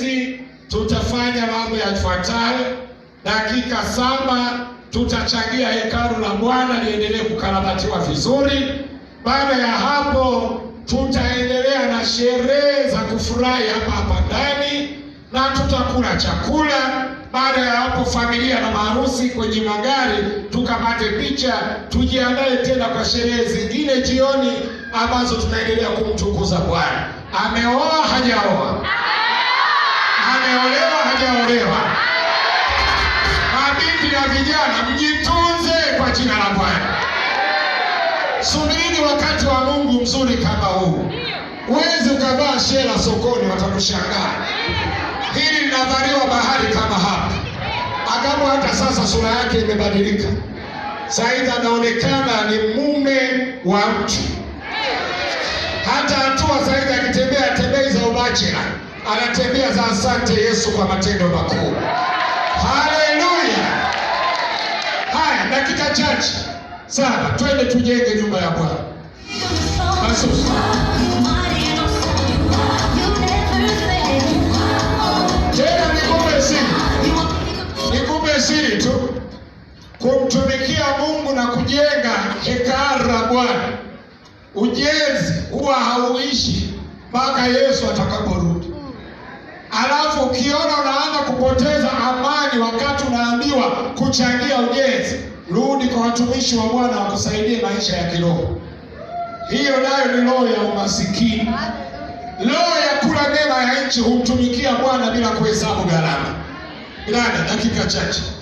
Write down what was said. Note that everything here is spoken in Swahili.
hizi tutafanya mambo yafuatayo. Dakika saba tutachangia hekalu la Bwana liendelee kukarabatiwa vizuri. Baada ya hapo, tutaendelea na sherehe za kufurahi hapa hapa ndani na tutakula chakula. Baada ya hapo, familia na maharusi kwenye magari tukapate picha, tujiandae tena kwa sherehe zingine jioni ambazo tunaendelea kumtukuza Bwana. Ameoa hajaoa ameolewa hajaolewa, mabinti na vijana, mjitunze kwa jina la Bwana. Subirini wakati wa Mungu mzuri kama huu. Uwezi ukavaa shela sokoni, watakushangaa. Hili linavaliwa bahari kama hapa. Agamo hata sasa sura yake imebadilika, saizi anaonekana ni mume wa mtu. Hata hatua saizi akitembea tembei za ubachela anatembea za asante Yesu kwa matendo makuu. Haleluya! Haya, dakika chache sana, twende tujenge nyumba ya Bwana. Tena nikupe siri tu, kumtumikia Mungu na kujenga hekalu la Bwana, ujenzi huwa hauishi mpaka Yesu atakaporudi ukiona unaanza kupoteza amani wakati unaambiwa kuchangia ujenzi, rudi kwa watumishi wa Bwana wakusaidie maisha ya kiroho. Hiyo nayo ni roho ya umasikini, roho ya kula mema ya nchi. Humtumikia Bwana bila kuhesabu gharama. Ndani dakika chache